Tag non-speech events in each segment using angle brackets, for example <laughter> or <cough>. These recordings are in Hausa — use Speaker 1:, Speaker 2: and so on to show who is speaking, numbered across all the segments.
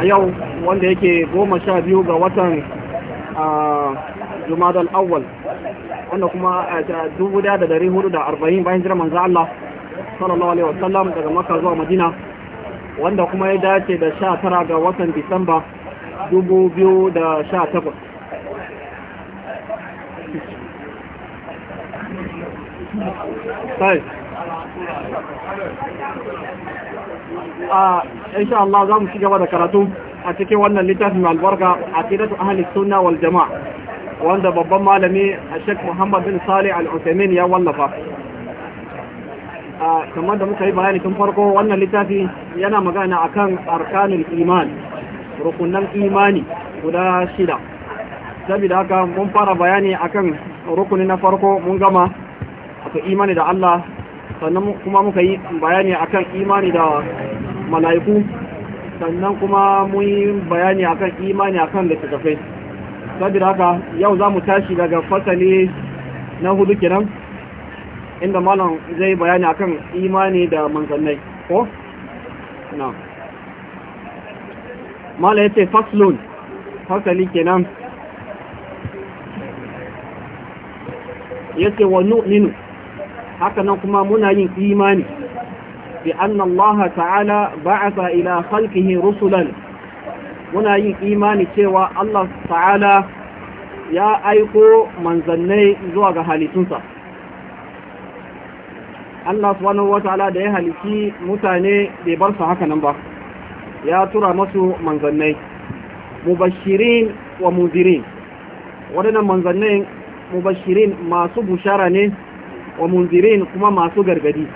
Speaker 1: a yau wanda yake goma sha biyu ga watan jumadal awal wanda kuma a dubu daya da dari hudu da arba'in bayan jiran manzo Allah sallallahu alaihi wasallam daga makka zuwa madina wanda kuma ya dace da sha tara ga watan disamba dubu biyu da sha takwas a insha Allah za mu ci gaba da karatu a cikin wannan littafin albarka a aqidatu ahli sunna wal jamaa wanda babban malami Sheikh Muhammad bin Salih Al-Uthaymeen ya wallafa kamar da muka yi bayani tun farko wannan littafi yana magana akan arkanul iman rukunan imani guda shida saboda haka mun fara bayani akan rukuni na farko mun gama wato imani da Allah sannan kuma muka yi bayani akan imani da mala'iku sannan kuma mun yi bayani akan imani akan da tafai-tafai, saboda haka yau za mu tashi daga fasali na hudu kenan inda malam zai bayani akan imani da manzannai ko na malam ce faslun fasali kenan yace wa nu'minu haka nan kuma muna yin imani بأن الله ta'ala بعث ila خلقه rusulan muna yin imani cewa Allah ta'ala ya aiko manzannai zuwa ga halittunsa Allah subhanahu ta'ala da ya halici mutane bai bar su haka nan ba ya tura masu manzannai mubashirin wa mudirin waɗannan manzannai mubashirin masu bushara ne wa munzirin kuma masu gargadi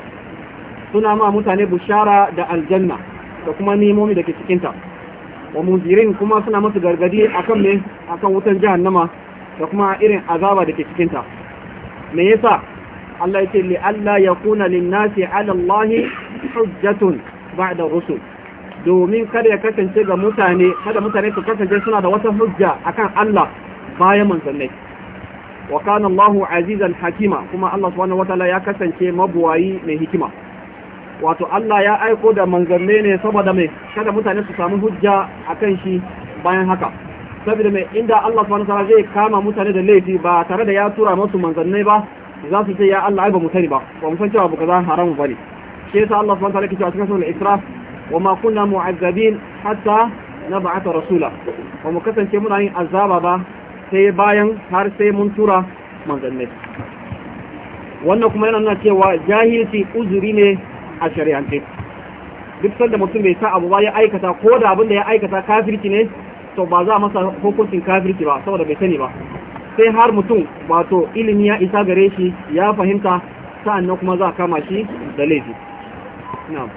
Speaker 1: suna ma mutane bushara da aljanna da kuma nimomi da ke cikinta wa munzirin kuma suna masu gargadi akan me akan wutan jahannama da kuma irin azaba da ke cikinta me yasa Allah yake li Allah ya kuna linnasi ala Allah hujjatun ba'da rusul domin kada ya kasance ga mutane kada mutane su kasance suna da wata hujja akan Allah bayan manzannai wa kana Allahu azizan hakima kuma Allah subhanahu wataala ya kasance mabuwayi mai hikima wato Allah ya aiko da manzanne ne saboda mai kada mutane su samu hujja a kan shi bayan haka saboda mai inda Allah subhanahu wataala zai kama mutane da laifi ba tare da ya tura musu manzanne ba za su ce ya Allah ai ba sani ba ba mu san cewa ba kaza haramu ne. shi yasa Allah subhanahu wataala yake cewa cikin sura Isra wa ma kunna mu'azzabin hatta nab'atha rasula ba mu kasance muna yin azaba ba sai bayan har sai mun tura manzanne wannan kuma yana nuna cewa jahilci uzuri ne a shari'ance duk sanda mutum bai sa abu ba ya aikata ko da abin da ya aikata kafirci ne to ba za a masa hukuncin kafirci ba saboda bai sani ba sai har mutum wato ilimi ya isa gare shi ya fahimta sa'annan kuma za a kama shi da laifi na'am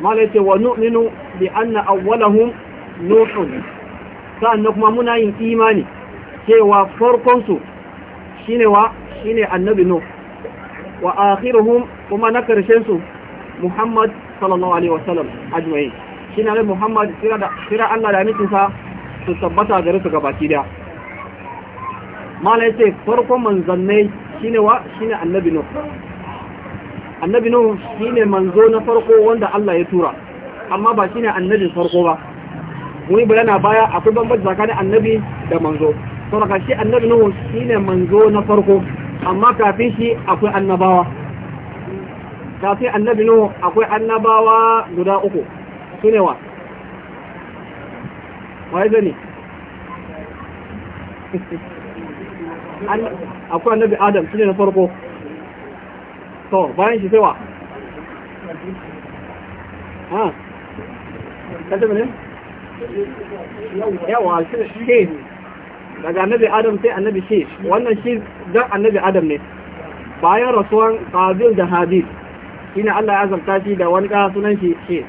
Speaker 1: malai ce wa nu'minu bi anna awwalahum nuhun sa'annan kuma muna yin imani cewa farkonsu su shine wa shine annabi nuh wa akhiruhum kuma na karshen su Muhammad sallallahu alaihi wasallam ajma'in shine ne Muhammad kira da kira Allah da nufin sa su tabbata gare su gabaki da mala yace farkon manzannai shine wa shine annabi nuh annabi nuh shine manzo na farko wanda Allah ya tura amma ba shine annabin farko ba wani bayana baya akwai bambanci tsakanin annabi da manzo saboda shi annabi nuh shine manzo na farko amma kafin shi akwai annabawa kafin annabi nuhu akwai annabawa guda uku su ne wa wai gani <laughs> akwai annabi adam su ne na farko to bayan shi sai wa ha kanta mene yawa shi ne daga annabi adam sai annabi shi wannan shi dan annabi adam ne bayan rasuwan qabil da habil shine Allah ya azalta shi da wani ƙasa sunan shi shi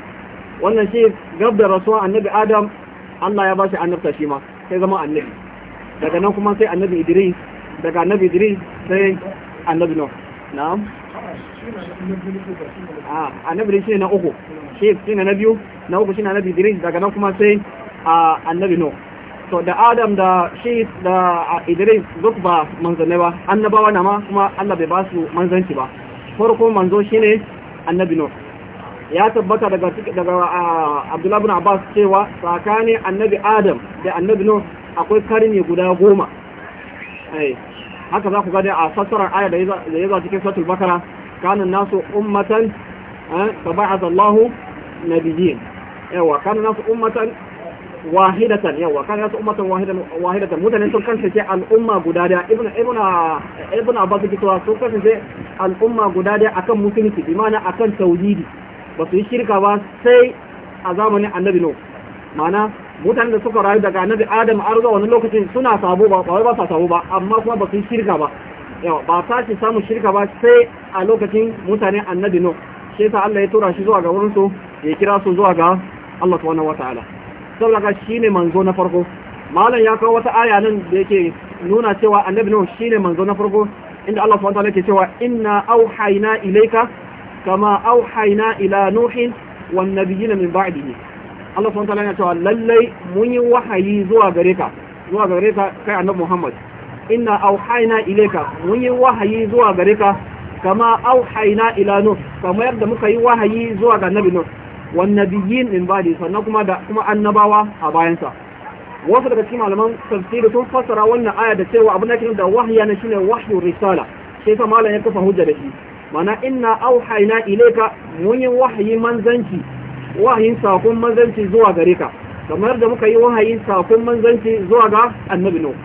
Speaker 1: wannan shi gabda rasuwan annabi adam Allah ya ba shi annabta shi ma sai zama annabi daga nan kuma sai annabi idris daga annabi idris sai annabi nuh na'am a annabi shine na uku shi shine na biyu na uku shine annabi idris daga nan kuma sai annabi nuh so da adam da shi da idris duk ba manzanni ba annabawa na ma kuma allah bai ba su manzanci ba farko manzo shine annabi nuh ya tabbata daga daga abdullahi ibn abbas cewa tsakanin annabi adam da annabi nuh akwai karni guda goma eh, haka za ku gani a fassarar aya da ya zo cikin suratul bakara kana nasu ummatan eh, fa tabaha Allahu nabiyyin yawa kana nasu ummatan wahidatan yawa kan ta ummatan wahidatan wahidatan mutane sun kasance al'umma guda da ibn ibnu ibnu abbas yake cewa sun kasance al'umma guda da akan musulunci bi ma'ana akan tauhidi ba su yi shirka ba sai a zamanin annabi no ma'ana mutane da suka rayu daga annabi adam har zuwa wani lokacin suna sabo ba wai ba sa sabo ba amma kuma ba su yi shirka ba yawa ba sa shi samun shirka ba sai a lokacin mutane annabi no shi sa Allah ya tura shi zuwa ga wurin su ya kira su zuwa ga Allah subhanahu wataala saboda shine manzo na farko malam ya kawo wata aya nan da yake nuna cewa annabi nuhu shine manzo na farko inda Allah subhanahu wataala yake cewa inna auhayna ilayka kama auhayna ila nuhin wan nabiyyin min ba'dihi Allah subhanahu wataala yana cewa lallai mun yi wahayi zuwa gare ka zuwa gare ka kai annabi Muhammad inna auhayna ilayka mun yi wahayi zuwa gare ka kama auhayna ila nuh kamar yadda muka yi wahayi zuwa ga annabi nuh wan nabiyyin min ba'di sannan kuma da kuma annabawa a bayansa wasu daga cikin malaman tafsiri sun fassara wannan aya da cewa abin da ke da wahya ne shine wahyu risala sai fa malam ya kafa hujja da shi mana inna auhayna ilayka mun yi wahayi manzanci wahayin sakon manzanci zuwa gare ka kamar da muka yi wahayin sakon manzanci zuwa ga annabi nuh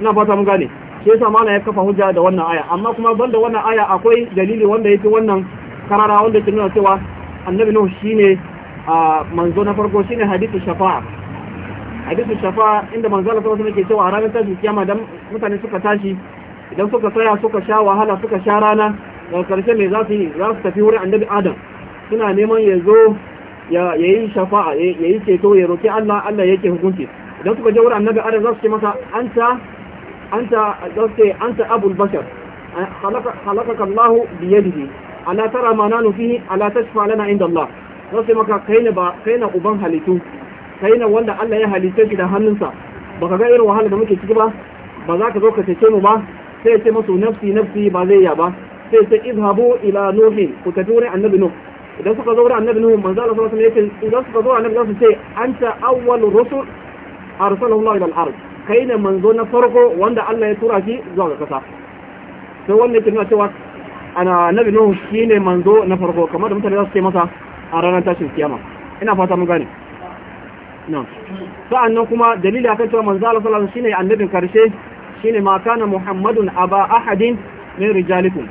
Speaker 1: ina fata mun gane sai sa malam ya kafa hujja da wannan aya amma kuma banda wannan aya akwai dalili wanda yake wannan karara wanda ke nuna cewa annabi nuhu shine a manzo na farko shine hadithu shafa'a hadithu shafa'a inda manzo Allah sallallahu alaihi cewa a ranar tashi kiyama dan mutane suka tashi idan suka tsaya suka sha wahala suka sha rana daga karshe me za su yi za su tafi wurin annabi Adam suna neman ya zo ya yi shafa'a ya yi ceto ya roki Allah Allah yake hukunci idan suka je wurin annabi Adam za su ce masa anta anta anta abul bashar khalaqaka ala tara ma nanu fihi ala tashfa lana inda Allah za su maka kaina ba kai uban halittu Kaina wanda Allah ya halitta shi da hannunsa baka ga irin wahala da muke ciki ba ba za ka zo ka cece mu ba sai ya ce musu nafsi nafsi ba zai ya ba sai ya ce izhabu ila nuhi ku tafi wurin annabi nuh idan suka zo wurin annabi nuh manzo Allah sallallahu alaihi wasallam yake idan suka zo annabi su ce anta awwalur rusul arsalahu Allah ila al-ard Kaina ne manzo na farko wanda Allah ya tura shi zuwa ga kasa sai wannan yake nuna cewa ana nabi nuhu shine manzo na farko kamar da mutane za su ce masa a ranar tashin kiyama ina fata mun gane na'am sa'annan kuma dalili akan cewa manzo Allah sallallahu alaihi wasallam shine annabin karshe shine ma kana muhammadun aba ahadin min rijalikum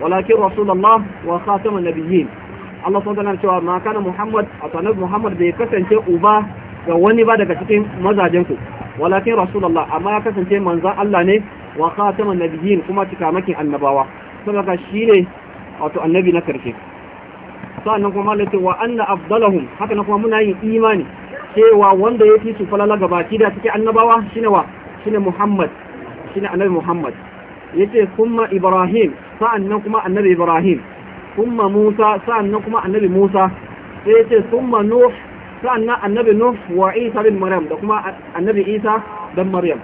Speaker 1: walakin rasulullah wa khatamun nabiyyin Allah subhanahu wa cewa ma kana muhammad atanabi muhammad bai kasance uba ga wani ba daga cikin mazajen ku walakin rasulullah amma ya kasance manzon Allah ne wa khatamun nabiyyin kuma cikamakin annabawa shi ne wato annabi na karshe sa'annan kuma malaka wa anna afdalahum haka na kuma muna yin imani cewa wanda ya fi su falala gaba ki da cikin annabawa shine wa shine Muhammad shine annabi Muhammad yace kuma Ibrahim sa'annan kuma annabi Ibrahim kuma Musa sa'annan kuma annabi Musa sai yace kuma Nuh sa'annan annabi Nuh wa Isa bin Maryam da kuma annabi Isa dan Maryam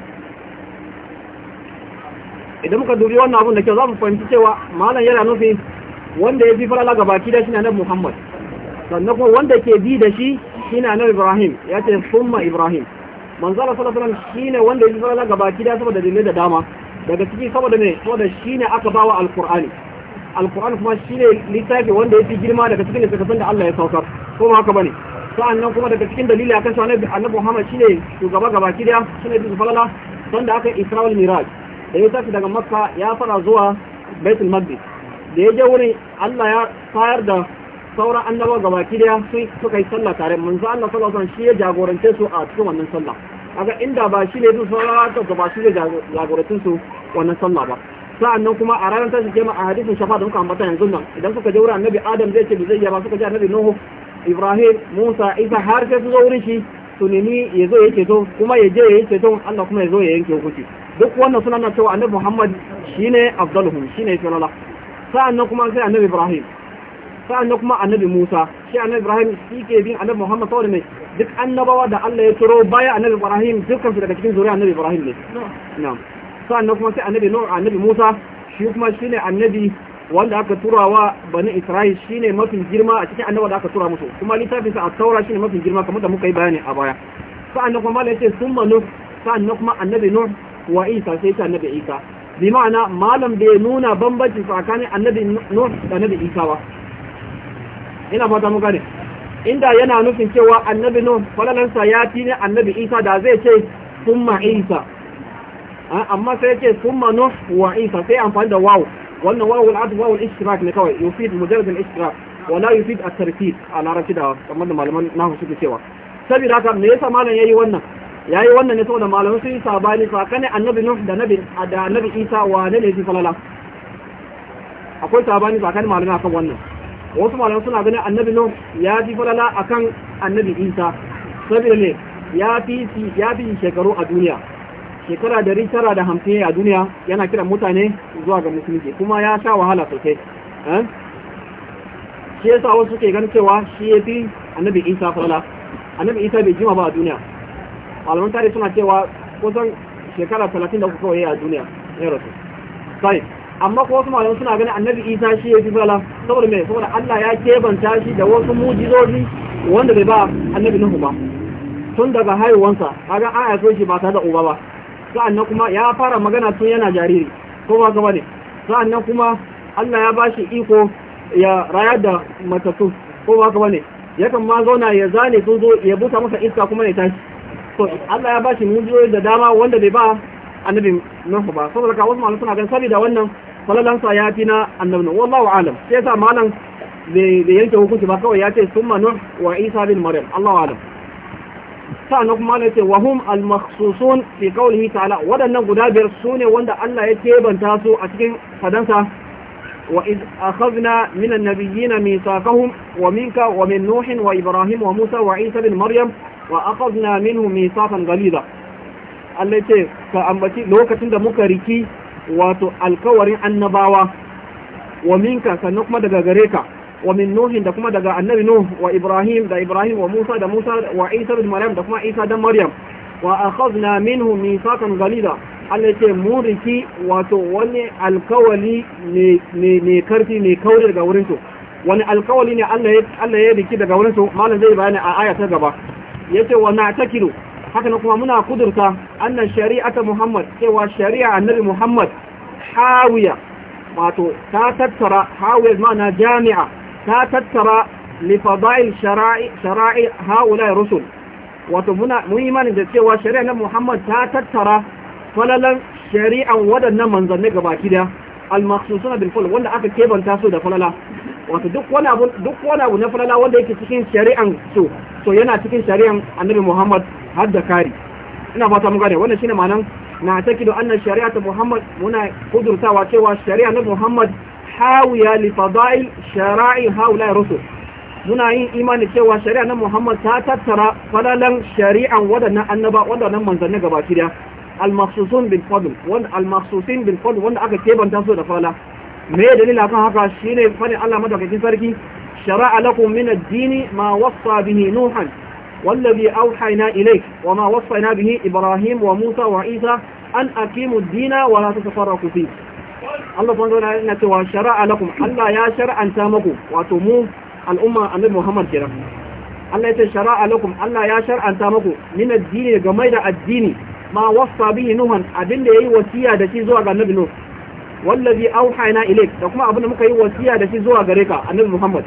Speaker 1: idan muka dubi wannan abun da kyau za mu fahimci cewa malam yana nufi wanda ya bi farala ga baki da shi na Muhammad sannan kuma wanda ke bi da shi shi na annabi Ibrahim ya ce summa Ibrahim manzo Allah sallallahu alaihi wasallam shine wanda ya bi farala ga baki da saboda dalilai da dama daga ciki saboda ne saboda shine aka bawa alqur'ani alqur'ani kuma shine littafi wanda ya fi girma daga cikin littafin da Allah ya saukar ko haka bane sa'annan kuma daga cikin dalili akan shi annabi Muhammad shine shugaba gabaki da shine bi farala sanda aka Isra'il Miraj da ya tafi daga makka ya fara zuwa baitul maqdis da ya je wuri, Allah ya fayar da sauran gaba gabaki daya suka yi sallah tare manzo Allah sallallahu alaihi shi ya jagorance su a cikin wannan sallah kaga inda ba shi ne duk sauran ta ba shi ne su wannan sallah ba sa'annan kuma a ranar tashi kema a hadisin shafa da muka ambata yanzu nan idan suka je wurin annabi Adam zai ce bi zai ba suka je annabi Nuhu Ibrahim Musa Isa har sai su zo wurin shi to nemi ya zo ya ceto kuma ya je ya yi Allah kuma ya zo ya yanke hukunci duk wannan suna na cewa annabi Muhammad shine afdaluhum shine falala sa'annan kuma sai annabi Ibrahim sa'annan kuma annabi Musa shi annabi Ibrahim shi ke bin annabi Muhammad saboda mai duk annabawa da Allah ya turo baya annabi Ibrahim dukkan su daga cikin zuriya annabi Ibrahim ne na'am sa'annan kuma sai annabi Nuh annabi Musa shi kuma shine annabi wanda aka tura wa bani Isra'il shine mafi girma a cikin annabawa da aka tura musu kuma littafin sa at-Taura shine mafi girma kamar da muka yi bayani a baya sa'annan kuma malai ce sun manu sa'annan kuma annabi Nuh wa isa sai ta annabi isa bi ma'ana malam bai nuna bambanci tsakanin annabi nuh da annabi isa ba ina fata muka ne inda yana nufin cewa annabi nuh falalansa ya fi ne annabi isa da zai ce summa isa amma sai ce summa nuh wa isa sai amfani da waw wannan wawul adu wawul ishtirak ne kawai yufid mujarrad al ishtirak wala yufid at tarkib a larabci da kamar da malaman nahu suke cewa saboda haka me yasa malam yayi wannan yayi wannan ne saboda malamai sun yi fa sakane annabi nuh da nabi da nabi isa wa ne ne fi falala akwai sabani sakane malamai akan wannan wasu malamai suna ganin annabi nuh ya fi falala akan annabi isa saboda ne ya fi ya fi shekaru a duniya shekara dari tara da hamsin a duniya yana kiran mutane zuwa ga musulunci kuma ya sha wahala sosai eh? shi yasa wasu ke ganin cewa shi ya fi annabi isa falala annabi isa bai jima ba a duniya malaman tarihi suna cewa kusan shekara talatin 33 kawai a duniya ya rasu sai amma kuma wasu malaman suna ganin annabi isa shi ya fi fala saboda me saboda Allah ya kebanta shi da wasu mujizozi wanda bai ba annabi nuhu ba tun daga haihuwansa kaga an haife shi ba tare da uba ba sa'annan kuma ya fara magana tun yana jariri ko ba ka bane sa'annan kuma Allah ya bashi iko ya rayar da matattu ko ba ka ne yakan ma zauna ya zane sun zo ya buta masa iska kuma ya tashi to Allah ya ba shi mujiyoyi da dama wanda bai ba annabin Nuhu ba saboda ka wasu malamai suna ganin saboda wannan falalan sa ya fi na annabin wallahu alam sai yasa malam bai yanke hukunci ba kawai ya ce summa nuh wa isa bin maryam Allahu alam sa'annan kuma Allah ya ce wa hum al makhsusun fi qawlihi ta'ala wadannan guda biyar sune wanda Allah ya tebanta su a cikin fadansa وإذ أخذنا من النبيين ميثاقهم ومنك ومن نوح وإبراهيم وموسى وعيسى بن مريم wa aqadna minhu mithaqan ghaliza Allah ce ka ambaci lokacin da muka riki wato alkawarin annabawa wa minka sannan kuma daga gare ka wa min nuhin da kuma daga annabi nuh wa ibrahim da ibrahim wa musa da musa wa isa da maryam da kuma isa da maryam wa akhadna minhu mithaqan ghaliza Allah ce mu riki wato wani alkawali ne karfi ne kauri daga wurin su wani alkawali ne Allah ya riki daga wurin su malam zai bayani a aya ta gaba yace wa na takilu haka kuma muna kudurta annan shari'ata Muhammad cewa shari'a annabi Muhammad hawiya wato ta tattara hawiya ma'ana jami'a ta tattara li shara'i shara'i rusul wato mun imanin da cewa shari'a na Muhammad ta tattara falalan shari'an wadannan manzanni gaba da al bin bil wanda aka kebanta su da falala wato duk wani abu duk wani abu na falala wanda yake cikin shari'an so so yana cikin shari'an annabi Muhammad har da kari ina fata mun gane wannan shine ma'anan na takidu anna shari'atu Muhammad muna kudurtawa cewa shari'a na Muhammad hawiya li fadail shara'i haula rusul muna yin imani cewa shari'a na Muhammad ta tattara falalan shari'an wadannan annaba wadannan manzanni gabaki da al-makhsusun bil fadl wanda al-makhsusin bil fadl wanda aka kebanta su da falala me dalila kan haka shine fadin Allah madaukakin sarki shara'a lakum min ad-dini ma wasa bihi nuhan والذي أوحينا إليك وما وصينا به إبراهيم وموسى وعيسى أن أقيموا الدين ولا تتفرقوا فيه Allah subhanahu wa ta'ala cewa shara'a lakum Allah ya shar'anta muku wato mu al'umma annabi Muhammad kira Allah ya ce shara'a lakum Allah ya shar'anta muku min addini ga mai da addini ma wasa bihi nuhan abinda yayi wasiya da shi zuwa ga annabi nuh wallazi auhayna ilayk da kuma abin da muka yi wasiya da shi zuwa gare ka annabi Muhammad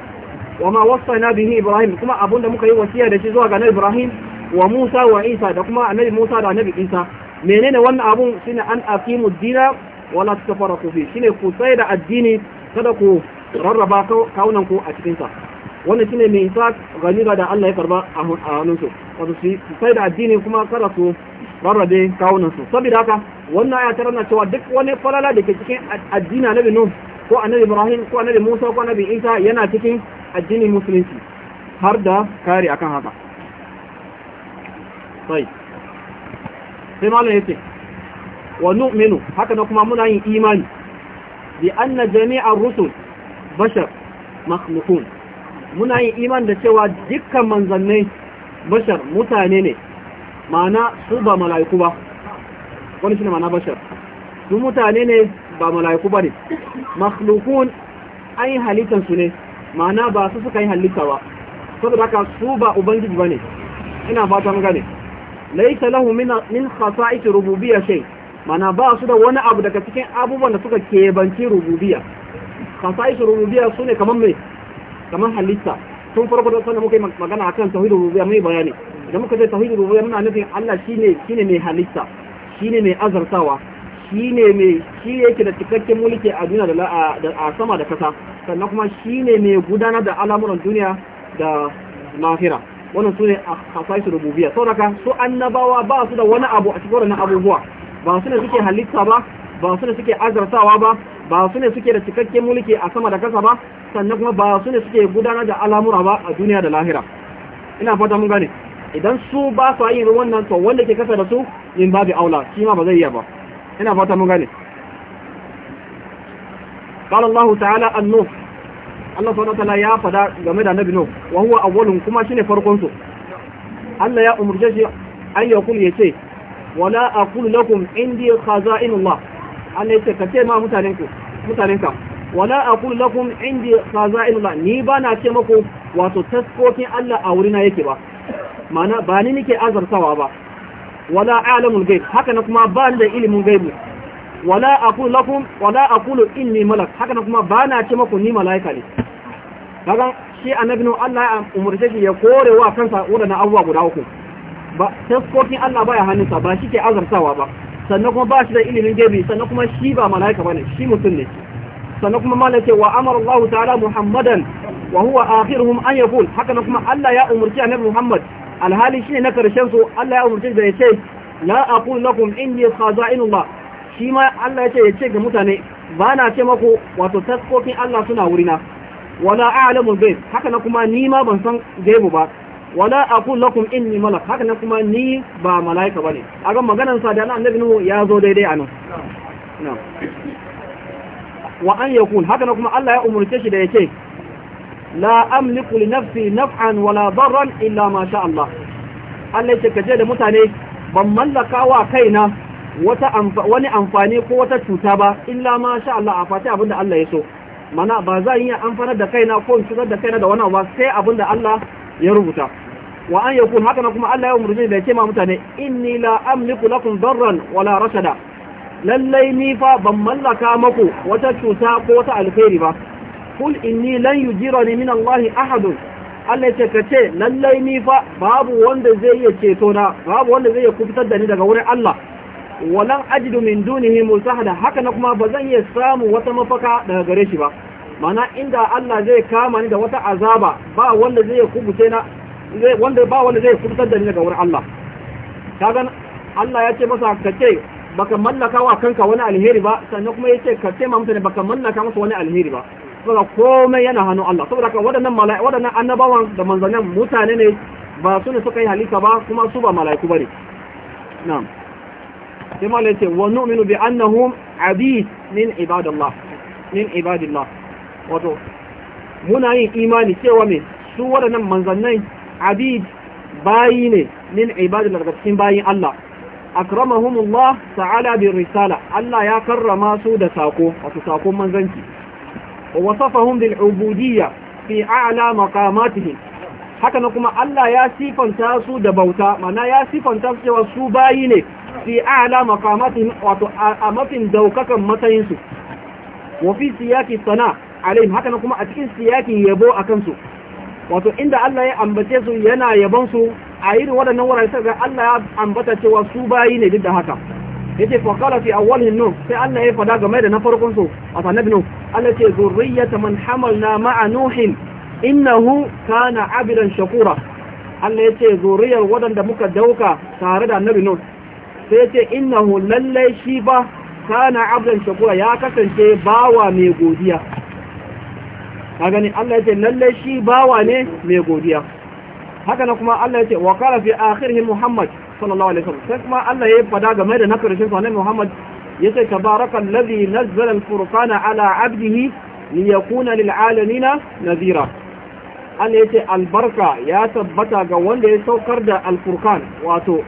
Speaker 1: wa ma wasana bihi Ibrahim kuma abin da muka yi wasiya da shi zuwa ga annabi Ibrahim wa Musa wa Isa da kuma annabi Musa da annabi Isa menene wannan abun shine an aqimu dina wala tafarraqu fi shine ku da addini kada ku rarraba kaunan ku a cikin sa wannan shine mai isa ganira da Allah ya karba a hannunsu wato su tsaya da addini kuma kada ku. rarrabe kawunansu saboda haka wannan ya tarar na cewa duk wani falala da ke cikin addini annabi nuh ko annabi ibrahim ko annabi musa ko annabi isa yana cikin addinin musulunci har da kare akan haka sai sai malam ce, wa nu'minu haka na kuma muna yin imani bi anna jami'a rusul bashar makhluqun muna yin imani da cewa dukkan manzannai bashar mutane ne ma'ana su ba mala'iku ba wani shi ne ma'ana bashar su mutane ne ba mala'iku ba ne makhlukun an yi halittansu ne ma'ana ba su suka yi halitta ba saboda haka su ba ubangiji ba ne ina fatan gane laisa lahu min khasa'is rububiyya shay mana ba su da wani abu daga cikin abubuwan da suka banci rububiyya khasa'is rububiyya sune kamar me kamar halitta tun farko da sanin muke yi magana akan tauhidul rububiyya mai bayani da muka ce tauhidin rububiyya muna nufin Allah shine shine mai halitta shine mai azartawa shine mai shi yake da cikakken mulki a duniya da a sama da kasa sannan kuma shine mai gudanar da al'amuran duniya da lahira wannan sune hasaisu rububiyya saboda su annabawa ba su da wani abu a cikin wannan abubuwa ba su ne suke halitta ba ba su ne suke azartawa ba ba su ne suke da cikakken mulki a sama da kasa ba sannan kuma ba su ne suke gudanar da al'amura ba a duniya da lahira ina fata mun gane idan su ba su yin wannan to wanda ke kasa da su in ba bi aula shi ma ba zai yi ba ina fata mun gane قال الله تعالى Allah الله سبحانه وتعالى يا فدا game da Nabino, nuh wa huwa awwalun kuma shine farkon su Allah ya umurce shi an ya yakul yace wala aqulu lakum indi khaza'inullah Allah yace kace ma mutanen ku mutanen ka wala aqulu lakum indi khaza'inullah ni ba na ce muku wato taskokin Allah a wurina yake ba mana ba ni nake azartawa ba wala alamul gaib haka na kuma ba ni da ilimin gaibu wala aqulu lakum wala aqulu inni malak haka na kuma ba na ce maku ni malaika ne kaga shi annabi Allah ya umurce shi ya kore wa kansa wannan abubuwa guda uku ba tasfokin Allah baya hannunsa ba shi ke azartawa ba sannan kuma ba shi da ilimin gaibi sannan kuma shi ba malaika bane shi mutum ne sannan kuma mala ce wa amara Allah ta'ala Muhammadan wa huwa akhiruhum an yaqul haka kuma Allah ya umurci annabi Muhammad alhali shine na karshen su Allah ya umurci da yace la aqul lakum inni khaza'inullah shi ma Allah yace yace ga mutane ba na ce maku wato taskokin Allah suna wurina wala a'lamul ghaib haka na kuma ni ma ban san gaibu ba wala aqul lakum inni malak haka na kuma ni ba malaika bane a ga maganar sa da annabi ya zo daidai anan na'am wa an yakun haka na kuma Allah ya umurce shi da yake la amliku li nafsi naf'an wala darran illa ma sha Allah Allah yake kaje da mutane ban mallaka wa kaina wata wani amfani ko wata cuta ba illa ma sha Allah a fati abinda Allah ya so mana ba za yi amfanar da kaina ko cutar da kaina da wannan ba sai abinda Allah ya rubuta wa an yakun haka na kuma Allah ya umurce da yake ma mutane inni la amliku lakum darran wala rashada lallai ni fa ban mallaka maku wata cuta ko wata alheri ba kul inni lan yujirani min Allah ahad Allah ya ce ce lallai ni fa babu wanda zai iya ceto na babu wanda zai iya kufitar da ni daga wurin Allah walan ajidu min dunihi musahada haka na kuma ba zan iya samu wata mafaka daga gare shi ba mana inda Allah zai kama ni da wata azaba ba wanda zai iya kubuce na wanda ba wanda zai kubutar da ni daga wurin Allah kaga Allah ya ce masa kace baka mallaka wa kanka wani alheri ba sannan kuma yace ka ce ma mutane baka mallaka masa wani alheri ba saboda komai yana hannun Allah saboda haka waɗannan mala'i waɗannan annabawan da manzannin mutane ne ba su ne suka yi halitta ba kuma su ba mala'iku bane na'am sai ma yace wa nu'minu bi annahum abid min ibadallah min ibadillah wato muna yin imani cewa me su waɗannan manzannai abid bayi ne min ibadillah daga cikin bayin Allah akramahumullah ta'ala bir risala Allah ya karrama su da sako wato sakon manzanci wa wasafahum bil ubudiyya fi a'la maqamatihi haka na kuma Allah ya sifanta su da bauta mana ya sifanta su cewa su bayi ne fi a'la maqamatihi wato a mafin daukakan matsayin su wa fi siyaqi sana alaihim haka na kuma a cikin siyakin yabo akan su wato inda Allah ya ambace su yana yabon su a irin waɗannan wurare sai ga Allah ya ambata cewa su bayi ne duk da haka yace fa qala fi awwalin nun sai Allah ya fada game da na farkon su a sanabi nun Allah ce zurriyyata man hamalna ma'a nuhin innahu kana abidan shakura Allah yace zuriyar wadanda muka dauka tare da annabi nun sai yace innahu lallai shi ba kana abidan shakura ya kasance bawa mai godiya ka gani Allah yace lallai shi bawa ne mai godiya haka na kuma Allah ya ce wa qala fi akhirih Muhammad sallallahu alaihi wasallam sai kuma Allah ya fada game da na karshen sa annabi Muhammad yace tabarakal ladhi nazzala al-furqana ala 'abdihi liyakuna lil 'alamina nadhira Allah yace albarka ya tabbata ga wanda ya saukar da al-furqan wato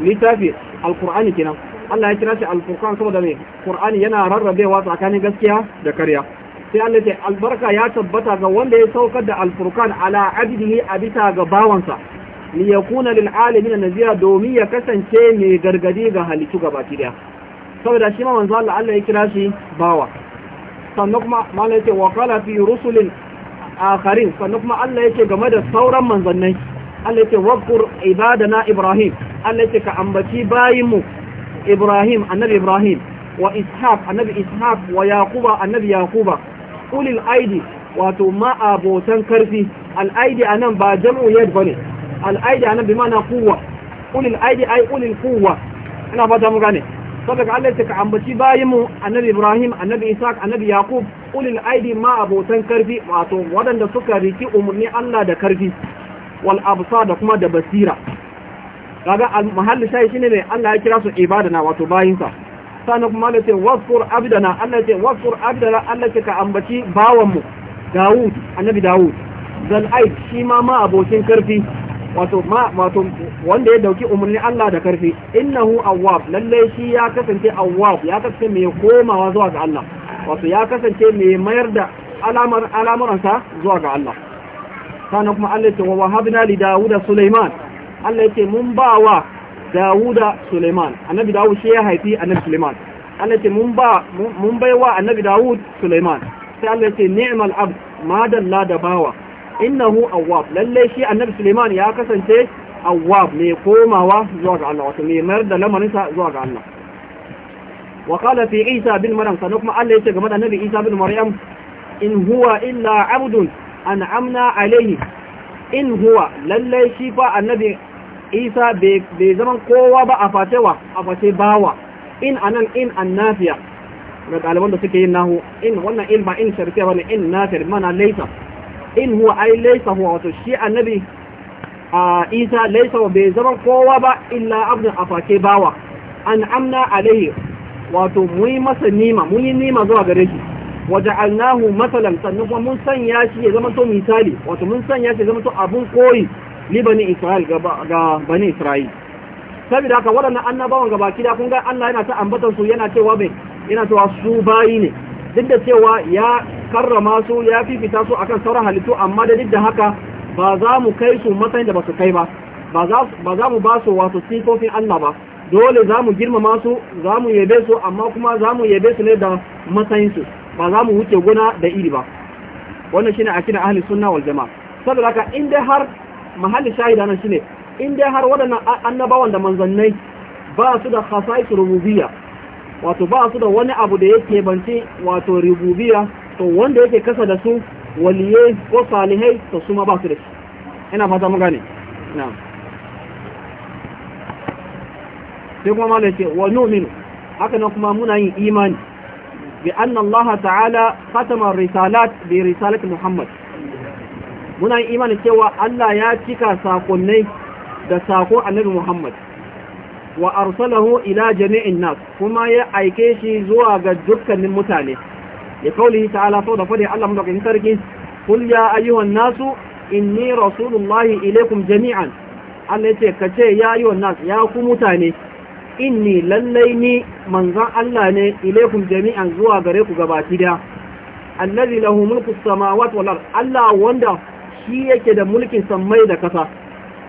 Speaker 1: littafi al-qur'ani kenan Allah ya kira shi al-furqan saboda me qur'ani yana rarrabewa tsakanin gaskiya da karya sai Allah ce albarka ya tabbata ga wanda ya saukar da alfurkan ala abdihi a bita ga bawansa li yakuna lil alamin nazira domin ya kasance mai gargadi ga halittu baki daya saboda shi ma manzo Allah Allah ya kira shi bawa sannan kuma malai ce wa qala fi rusulin akharin sannan kuma Allah yake game da sauran manzannai Allah yake waqur ibadana ibrahim Allah yake ka ambaci bayinmu ibrahim annabi ibrahim wa ishaq annabi ishaq wa yaquba annabi yaquba ulil aidi wato ma'abotan karfi al'aidi a nan ba jam'u yad ba ne al'aidi a nan bi mana kuwa ulil aidi ai ulil kuwa ina fata mu gane saboda Allah ya ka ambaci bayin mu annabi Ibrahim annabi Isaac annabi Yaqub ulil aidi ma abotan karfi wato waɗanda suka riki umurni Allah da karfi wal absar da kuma da basira kaga al mahallu shayi shine ne Allah ya kira su ibadana wato bayinsa Sani kuma Allah ce wasfur abdana Allah ce wasfur abdana Allah ce ka ambaci bawanmu Dawud annabi Dawud ai shi ma ma abokin karfi wato ma wato wanda ya dauki umarni Allah da karfi innahu awwab lalle shi ya kasance awwab ya kasance mai komawa zuwa ga Allah wato ya kasance mai mayar da alamar alamuransa zuwa ga Allah Sani kuma Allah ya ce wa wahabna li Dawud Sulaiman Allah ya ce mun ba wa Dawuda Suleiman annabi Dawud shi ya haifi annabi Suleiman Allah ce mun ba mun baiwa annabi Dawud Suleiman sai Allah ce ni'mal abd ma dalla da bawa innahu awwab lalle shi annabi Suleiman ya kasance awwab mai komawa zuwa ga Allah wato ne mayar da lamarinsa zuwa ga Allah wa qala fi Isa bin Maryam sanan kuma Allah yace game da annabi Isa bin Maryam in huwa illa abdun an'amna alayhi in huwa lalle shi fa annabi isa bai zama kowa ba a fatewa a face bawa in anan in an nafiya. ga ɗaliban da suke yin nahu in wannan in ba in sharfiya ne, in nafir mana laisa in huwa ai laisa huwa wato shi annabi a isa laisa wa bai zama kowa ba illa abdun a face bawa an amna alaihi wato mu yi masa nima mu yi nima zuwa gare shi waje alnahu masalan sannan kuma mun sanya shi ya zama to misali wato mun sanya shi ya zama to abun koyi Ni bani isra'il ga bani isra'il saboda haka waɗannan annabawan gaba da, kun ga Allah yana ta ambatan su yana cewa bai yana cewa su bayi ne duk da cewa ya karrama su ya fifita su akan sauran halittu amma da duk da haka ba za mu kai su matsayin da ba su kai ba ba za mu ba su wato sifofin Allah ba dole za mu girmama su za mu yabe su amma kuma za mu yabe su ne da matsayin su ba za mu wuce gona da iri ba wannan shine akidar ahli sunna wal jamaa saboda haka in dai har mahalli shahida nan shine in dai har waɗannan annabawan da manzannai ba su da khasais rububiyya wato ba su da wani abu da yake banci wato rububiyya to wanda yake kasa da su waliyai ko salihai to su ma ba su da shi ina fata mu gane na'am sai kuma malai ce wa nu'minu haka nan kuma muna yin imani bi anna Allah ta'ala khatama risalat bi risalat Muhammad muna yin imanin cewa Allah ya cika sakonnai da sako annabi Muhammad wa arsalahu ila jami'in nas kuma ya aike shi zuwa ga dukkanin mutane ya kaulihi ta'ala sau da fadi Allah madaukakin sarki kul ya ayyuhan nasu inni rasulullahi ilaikum jami'an Allah ce ka ce ya ayyuhan nas ya ku mutane inni lallai ni manzon Allah ne ilaikum jami'an zuwa gare ku gabaki da allazi lahu mulku samawati wal ard Allah wanda shi yake da mulkin sammai da kasa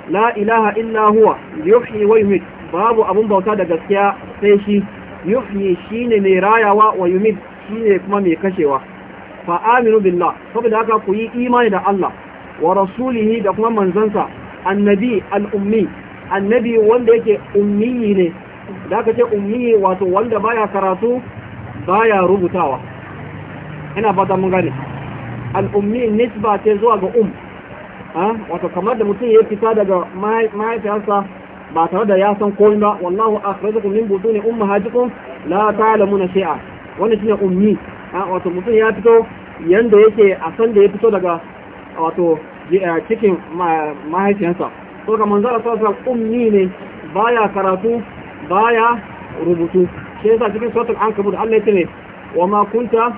Speaker 1: la ilaha illa huwa yuhyi wa yumit babu abun bauta da gaskiya sai shi yuhyi shine mai rayawa wa yumit shine kuma mai kashewa fa aminu billah saboda haka ku yi imani da Allah wa rasulihi da kuma manzansa annabi al-ummi annabi wanda yake ummi ne da aka ce ummi wato wanda baya karatu baya rubutawa ina fata mun gane al-ummi nisba ce zuwa ga um wato kamar da mutum ya fita daga mahaifiyarsa ba tare da ya san komai ba wallahu akhrajakum min butuni ummahatikum la ta'lamuna shay'a wani shine ummi wato mutum ya fito yanda yake a san da ya fito daga wato eh, cikin mahaifiyarsa to ga manzo Allah sallallahu alaihi ummi ne baya karatu baya rubutu sai yasa cikin suratul ankabut Allah ya ce wa ma kunta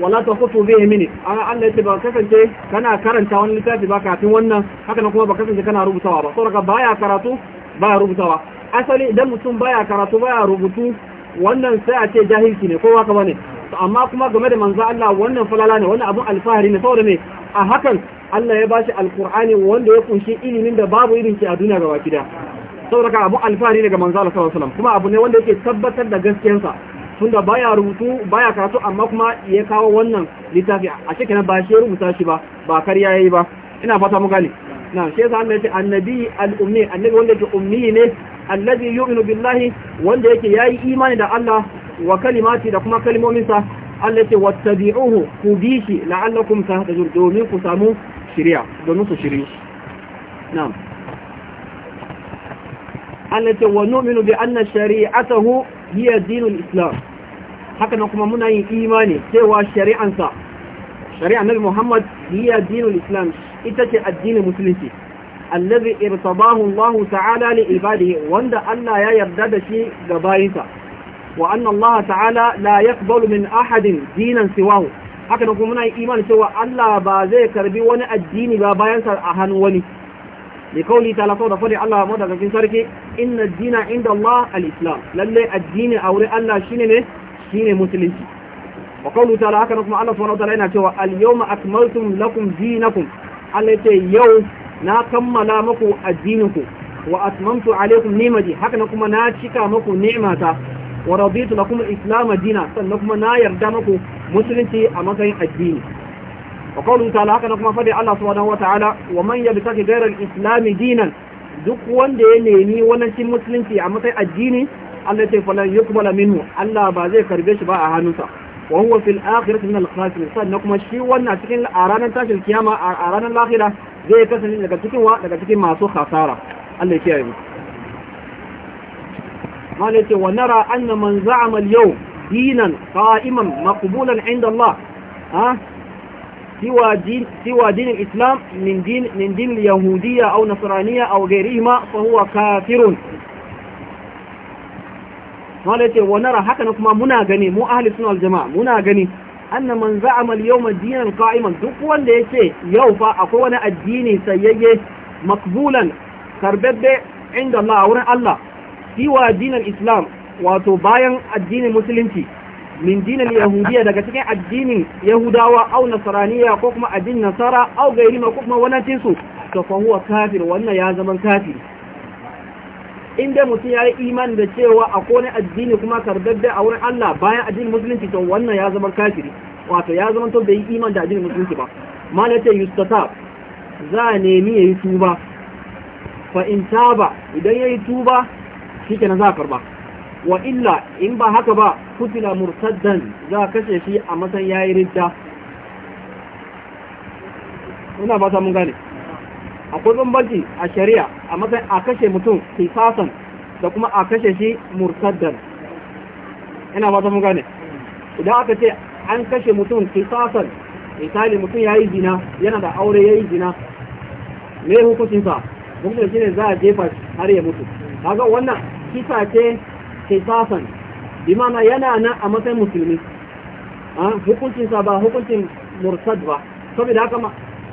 Speaker 1: wala ta kutu zai mini an Allah yace ba kasance kana karanta wani littafi ba kafin wannan haka na kuma ba kasance kana rubutawa ba saboda baya karatu baya rubutawa asali idan mutum baya karatu baya rubutu wannan sai a ce jahilci ne kowa ka bane amma kuma game da manzo Allah wannan falala ne wannan abun alfahari ne saboda me a hakan Allah ya bashi alqur'ani wanda ya kunshi ilimin da babu irin shi a duniya gaba kida saboda ka abun alfahari ne ga manzo Allah sallallahu alaihi wasallam kuma abu ne wanda yake tabbatar da gaskiyarsa tunda baya rubutu baya karatu amma kuma ya kawo wannan littafi a cikin ba shi rubuta shi ba ba karya yayi ba ina fata mu gane na shi yasa Allah yace annabi al-ummi annabi wanda yake ummi ne allazi yu'minu billahi wanda yake yayi imani da Allah wa kalimati da kuma kalmominsa Allah yace wattabi'uhu ku bi shi la'allakum tahtadun domin ku samu shiriya domin su shiriyu na'am Allah yace wa nu'minu bi anna shari'atahu hiya dinul islam haka nan kuma muna yin imani cewa shari'ansa shari'a nabi muhammad hiya dinul islam ita ce addinin musulunci allazi irtabahu allah ta'ala li ibadihi wanda allah ya yarda da shi ga bayinsa wa anna allah ta'ala la yaqbalu min ahadin dinan siwahu haka nan kuma muna yin imani cewa allah ba zai karbi wani addini ba bayansa a hannun wani li kauli ta lafa da fadi Allah mu daga cikin sarki inna dina inda Allah al-islam lalle addini a wurin Allah shine ne shine musulunci wa kauli ta haka kuma Allah subhanahu wa ta'ala yana cewa al-yawma akmaltum lakum dinakum Allah yau na kammala muku addininku wa atmamtu alaikum ni'mati haka na kuma na cika muku ni'mata wa raditu lakum al-islam dina sannan kuma na yarda muku musulunci a matsayin addini wa qawlu ta'ala haka kuma fadi Allah subhanahu wataala wa man yabtaki ghayra al-islam dinan duk wanda ya nemi wannan cin musulunci a matsayin addini Allah ya ce falan yukbala minhu Allah ba zai karbe shi ba a hannunsa wa huwa fil akhirati min al-khasirin sannan kuma shi wannan cikin a ranar tashin kiyama a ranar lahira zai kasance daga cikin wa daga cikin masu khasara Allah ya kiyaye mu malai ce wa nara anna man za'ama al-yawm dinan qa'iman maqbulan 'inda Allah ha سوى دين, سوى دين الإسلام من دين, من دين اليهودية أو نصرانية أو غيرهما فهو كافر إيه، ونرى حتى كما منا غني مو أهل السنة والجماعة منا غني أن من زعم اليوم إيه، الدين القائم duk wanda yace yau fa akwai wani addini sayayye makbulan karbabbe inda Allah wurin Allah siwa dinan Islam min dinin yahudiya daga cikin addinin yahudawa au nasaraniya ko kuma addinin nasara au gairi ma ko kuma wannan su to fa huwa kafir wannan ya zama kafir in mutum ya yi imani da cewa a kone addini kuma kardadda a wurin Allah bayan addinin musulunci to wannan ya zama kafiri wato ya zama to bai imani da addinin musulunci ba malaka yustata za a nemi yayi tuba fa in taba idan yayi tuba shikenan za a karba wa illa in ba haka ba kutila murtaddan za a kashe shi a matan yayi ridda ina ba ta mun gane akwai bambanci a shari'a a matan a kashe mutum kisasan da kuma a kashe shi murtaddan ina ba ta mun gane idan aka ce an kashe mutum kisasan misali mutum yayi zina yana da aure yayi zina me hukuncin hukuncin shi ne za a jefa har ya mutu kaga wannan kisa ce qisafan imama yana na a matsayin musulmi hukuncin sa ba hukuncin murtad ba saboda haka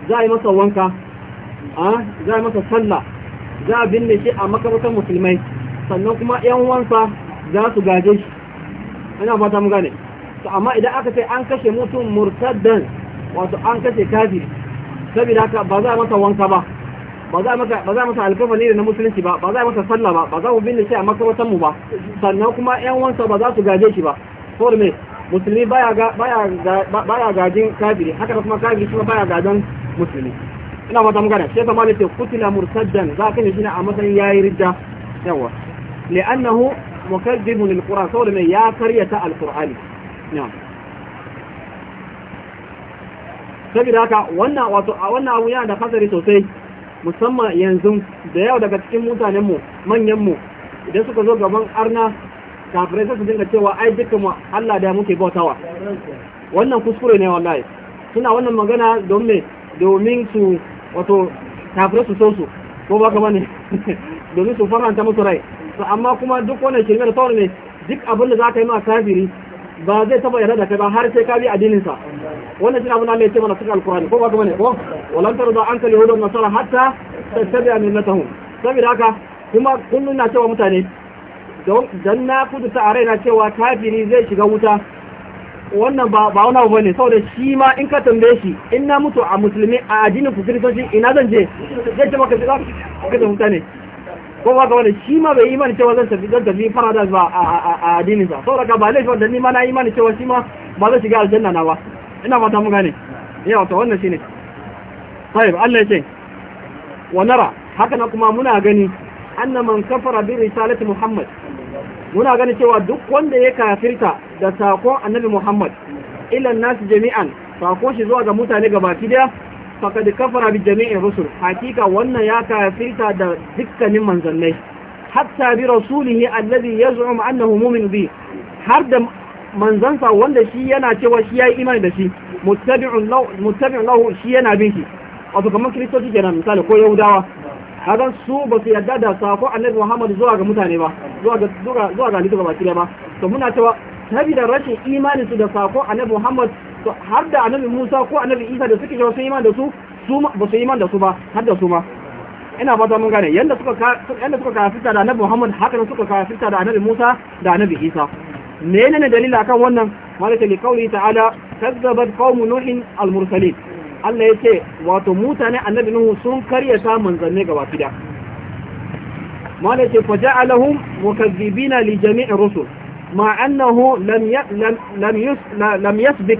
Speaker 1: za a yi masa wanka za a yi masa sallah za a binne shi a makabartar musulmai sannan kuma yan wansa za su gaje shi ina fata mu gane to amma idan aka sai an kashe mutum murtadan wato an kashe kafiri saboda haka ba za a masa wanka ba ba za masa ba za masa alkafani da na musulunci ba ba za masa sallah ba ba za mu binne shi a makarantar mu ba sannan kuma ƴan wansa ba za su gaje shi ba saboda me musulmi baya ga baya baya gajin kafiri haka da kuma kafiri kuma baya gajan musulmi ina mata magana sai kamar ce kutila murtaddan za ka ne shi a matsayin yayi ridda yawa li'annahu mukaddibun lil qur'an saboda me ya karyata alqur'ani na'am saboda haka wannan wato wannan abu yana da fasari sosai musamman yanzu da yawa daga cikin mutanenmu manyanmu idan suka zo gaban arna kafirai sai su dinga cewa ai duka mu Allah da muke bautawa wannan kuskure ne wallahi suna wannan magana don me domin su wato kafirai su so su ko ba kamar ne <laughs> domin su faranta musu rai to amma kuma duk wannan shirme da sauran ne duk abin da za ka yi ma kafiri ba zai taba yarda da kai ba har sai ka bi addinin sa wannan shi abin Allah ya ce mana cikin alkurani ko ba ka bane ko walan tarda anka yahuda wa nasara hatta tattabi'a millatahum saboda haka kuma kullun na cewa mutane don na kudu ta araina cewa kafiri zai shiga wuta wannan ba ba wani abu bane saboda shi ma in ka tambaye shi in na mutu a musulmi a addinin kristoci ina zan je zai ce maka zaka ka ta mutane ko ba ka wani shi ma bai imani cewa zan tafi zan tafi paradise ba a addinin sa saboda ka ba laifin da ni ma na imani cewa shi ma ba zan shiga aljanna na ba ina fata mu gane yawa to wannan shine طيب Allah ya ce wa nara haka na kuma muna gani anna man kafara bi risalati Muhammad muna gani cewa duk wanda ya kafirta da sakon annabi Muhammad ila nas jami'an sako shi zuwa ga mutane gabaki daya faqad kafara bi jami'in rusul hakika wannan ya kafirta da dukkanin manzannai hatta bi rasulihi alladhi yaz'um annahu mu'min bi har da manzansa wanda shi yana cewa shi ya yi imani da shi muttabi'un lahu muttabi'un lahu shi yana bin shi wato kamar kristoci kenan misali ko yahudawa kaga su ba su yarda da sako annabi Muhammad zuwa ga mutane ba zuwa ga zuwa ga littafin baki ba to muna cewa saboda rashin imani su da sako annabi Muhammad to har da annabi Musa ko annabi Isa da suke jawo imani da su su ba su imani da su ba har da su ma ina fata mun gane yanda suka yanda suka kafirta da annabi Muhammad haka suka kafirta da annabi Musa da annabi Isa menene ne dalila akan wannan malaka li qawli ta'ala kazzabat qaumu nuhin al mursalin Allah yace wato mutane annabi nuhu sun karya ta manzanne gaba fida malaka faja'alahum mukazzibina li jami' rusul مع أنه لم ي... لم لم, يس... لم يسبق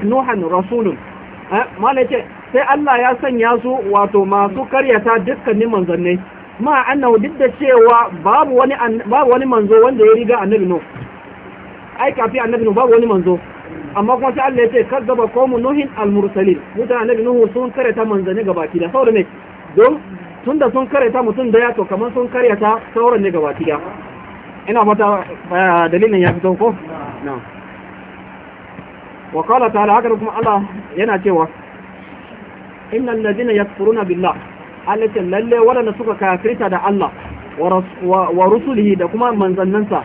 Speaker 1: sai Allah ya sanya su wato masu karyata dukkanin manzannai ma annahu duk da cewa babu wani babu wani manzo wanda ya riga annabi nuhu? ai kafi annabi babu wani manzo amma kuma sai Allah ya ce kazzaba qaumun nuhin almursalin. mursalin mutane annabi nuhu sun karanta manzane gabaki da saboda ne don tunda sun karanta mutum da ya to kamar sun karyata sauran ne gabaki da ina fata eh, dalilin ya fito ko na'am wa qala ta'ala haka kuma Allah yana cewa innal ladina yakfuruna billah Allah ce lalle waɗanda suka kafirta da Allah wa rusulihi da kuma manzannansa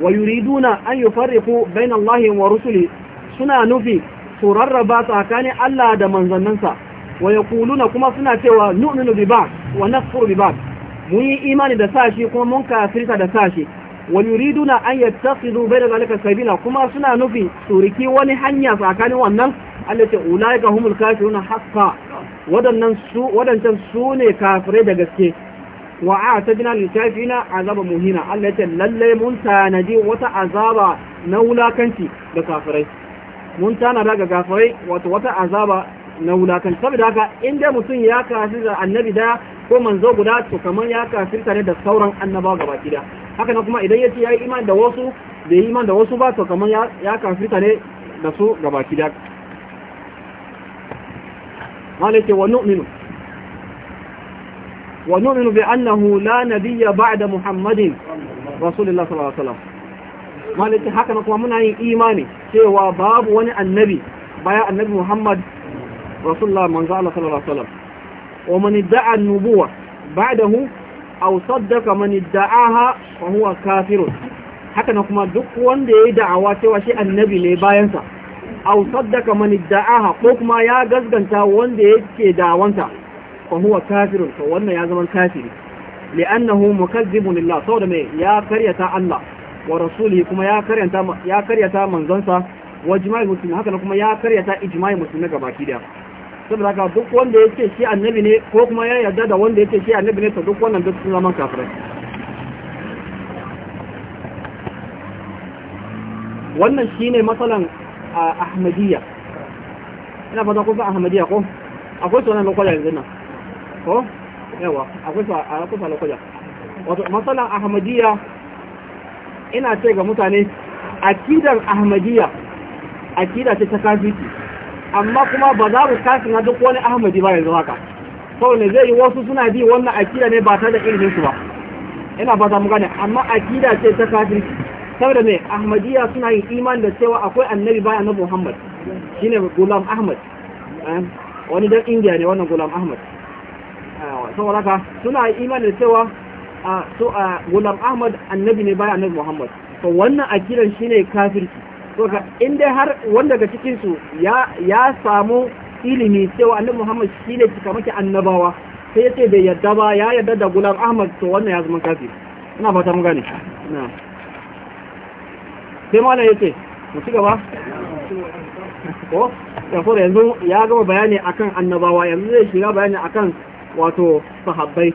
Speaker 1: wa yuriduna an yufarriqu baina Allahi wa rusuli suna nufi su rarraba tsakanin Allah da manzannansa wa yaquluna kuma suna cewa nu'minu bi ba wa nakfuru bi ba? mun yi imani da sashi kuma mun kafirta da sashi wa yuriduna an yattakhidhu baina zalika sabila kuma suna nufi su riki wani hanya tsakanin wannan Allah ce ulaika humul kafiruna haqqan wadannan su wadancan su ne kafirai da gaske wa a'tadna lil kafirina azaba muhina Allah ya ce lalle mun tanadi wata azaba na wulakanci da kafirai mun tanada ga kafirai wato wata azaba na wulakanci saboda haka in dai mutum ya da annabi da ko manzo guda to kamar ya kafi tare da sauran annabawa gabaki kida haka na kuma idan yace yayi imani da wasu da yi iman da wasu ba to kamar ya ya kafirta da su gabaki kida malaka wa nu'minu ونؤمن بأنه لا نبي بعد محمد رسول الله صلى الله عليه وسلم malaki haka na kuma muna yin imani cewa babu wani annabi baya annabi Muhammad rasulullah manzo Allah sallallahu alaihi wasallam wa man da'a nubuwa ba'dahu aw saddaqa man da'aha fa huwa kafirun haka na kuma duk wanda yayi da'awa cewa shi annabi ne bayansa sa aw saddaqa ko kuma ya gaskanta wanda yake da'awanta fa huwa kafirun to wannan ya zama kafiri li'annahu mukazzibun lillah saboda mai ya karyata Allah wa rasulihi kuma ya karyata ya karyata manzonsa wa jima'i muslimin haka kuma ya karyata ijma'i muslimin gabaki daya saboda haka duk wanda yake shi annabi ne ko kuma ya yarda da wanda yake shi annabi ne to duk wannan duk sun zama kafirai wannan shine matsalan ah, ahmadiyya ina fata ko ba ahmadiyya ko akwai tsoron lokacin yanzu nan ko yawa akwai akwai salakoja wato matsalan ahmadiyya ina ce ga mutane akidar ahmadiyya akida ce ta kafirci amma kuma ba za mu kafi na duk wani ahmadi ba yanzu haka ne zai yi wasu suna bi wannan akida ne ba ta da ilimin su ba ina ba za mu gane amma akida ce ta kafirci saboda me ahmadiyya suna yin iman da cewa akwai annabi baya na muhammad shine gulam ahmad eh, wani dan indiya ne wannan gulam ahmad saboda suna imanin cewa a so a gulam ahmad annabi ne baya annabi muhammad to wannan akidan shine kafirci to ka in dai har wanda daga cikin su ya ya samu ilimi cewa annabi muhammad shine cikamake annabawa sai yace bai yadda ba ya yadda da gulam ahmad to wannan ya zama kafiri ina fata mun gane na sai malam yace mu ci gaba ko yanzu ya gama bayani akan annabawa yanzu zai shiga bayani akan wato sahabbai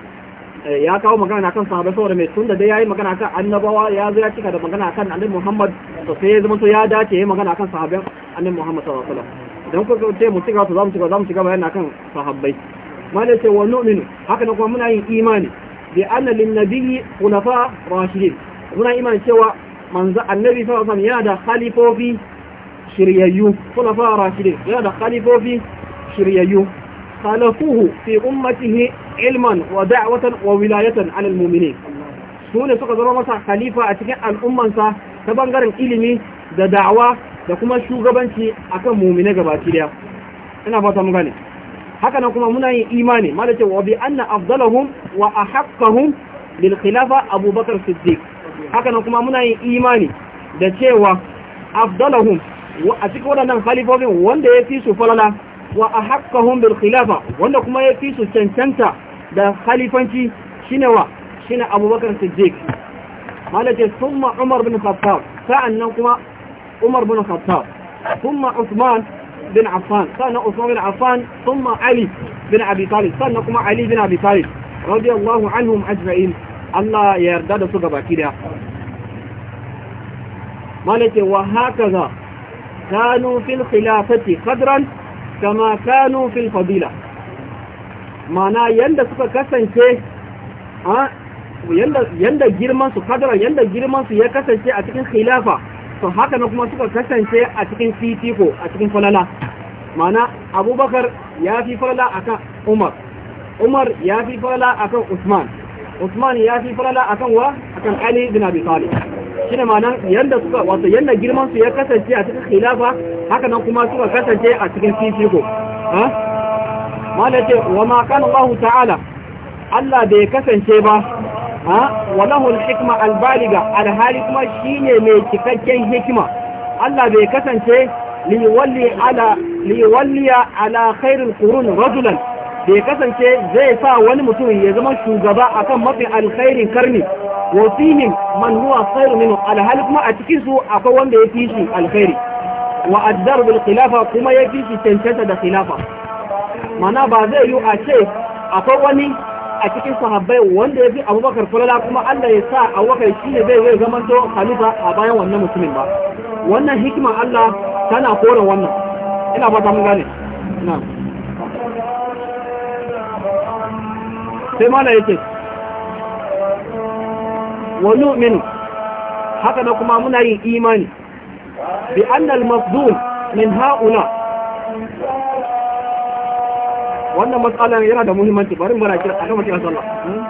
Speaker 1: eh, ya kawo magana kan sahabbai saboda mai tunda dai yayi magana kan annabawa ya zo ya cika da magana kan annabi Muhammad to sai ya zama to ya dace yayi magana kan sahabban annabi Muhammad sallallahu alaihi wasallam idan ko ce mu cika to zamu cika zamu cika bayani kan sahabbai malai ce wa nu'minu haka ne kuma muna yin imani bi anna lin nabiyyi khulafa rashidin muna imani cewa manzo annabi sallallahu alaihi wasallam yana da khalifofi shiryayyu khulafa rashidin yana da khalifofi shiryayyu khalafuhu fi ummatihi ilman wa da'watan wa wilayatan alal al-mu'minin su ne suka zama masa khalifa a cikin al'ummansa ta bangaren ilimi da da'awa da kuma shugabanci akan mu'mine gabaki daya ina fata mun gane haka kuma muna yin imani ma da wa bi anna afdalahum wa ahaqqahum lil khilafa Abu Bakar Siddiq haka kuma muna yin imani da cewa afdalahum a cikin waɗannan khalifofin wanda ya fi su falala wa ahaqqahum bil khilafa wanda kuma ya fi su cancanta da khalifanci shine wa shine Abubakar Siddiq malaka thumma Umar bin Khattab sa'annan kuma Umar bin Khattab thumma Uthman bin Affan sa'annan Uthman bin Affan thumma Ali bin Abi Talib sa'annan kuma Ali bin Abi Talib radiyallahu anhum ajma'in Allah ya yarda da su gabaki daya malaka wa hakaza kanu fil khilafati qadran kama kanu fil fadila mana yanda suka kasance a yanda girman su kadara yanda girman su ya kasance a cikin khilafa to haka na kuma suka kasance a cikin fitiko a cikin falala mana abubakar ya fi falala akan umar umar ya fi falala akan usman usman ya fi falala akan wa akan ali bin abi talib shi da mana yadda suka wato yadda girman su ya kasance a cikin khilafa haka nan kuma suka kasance a cikin fifiko malace wa ma kana ta'ala Allah bai kasance ba wa hikima albaliga alhali kuma shine mai cikakken hikima Allah bai kasance liwalli ala ala khairul kurun rajulan Bai kasance zai sa wani mutum ya zama shugaba akan mafi alkhairin karni wa fihim man huwa khairu minhu alhal kuma a cikin su akwai wanda ya fi shi alkhairi wa addar bil khilafa kuma ya fi shi cancanta da khilafa mana ba zai yi a ce akwai wani a cikin sahabbai wanda ya fi abubakar falala kuma Allah ya sa abubakar shi ne zai zai zama to khalifa a bayan wannan mutumin ba wannan hikima Allah tana kora wannan ina fata mun gane na'am sai mala yake wani min haka da kuma muna yin imani bi annal mafdun min ha'una wannan matsalar yana da muhimmanci bari mara kira a gama kira sallah hmm?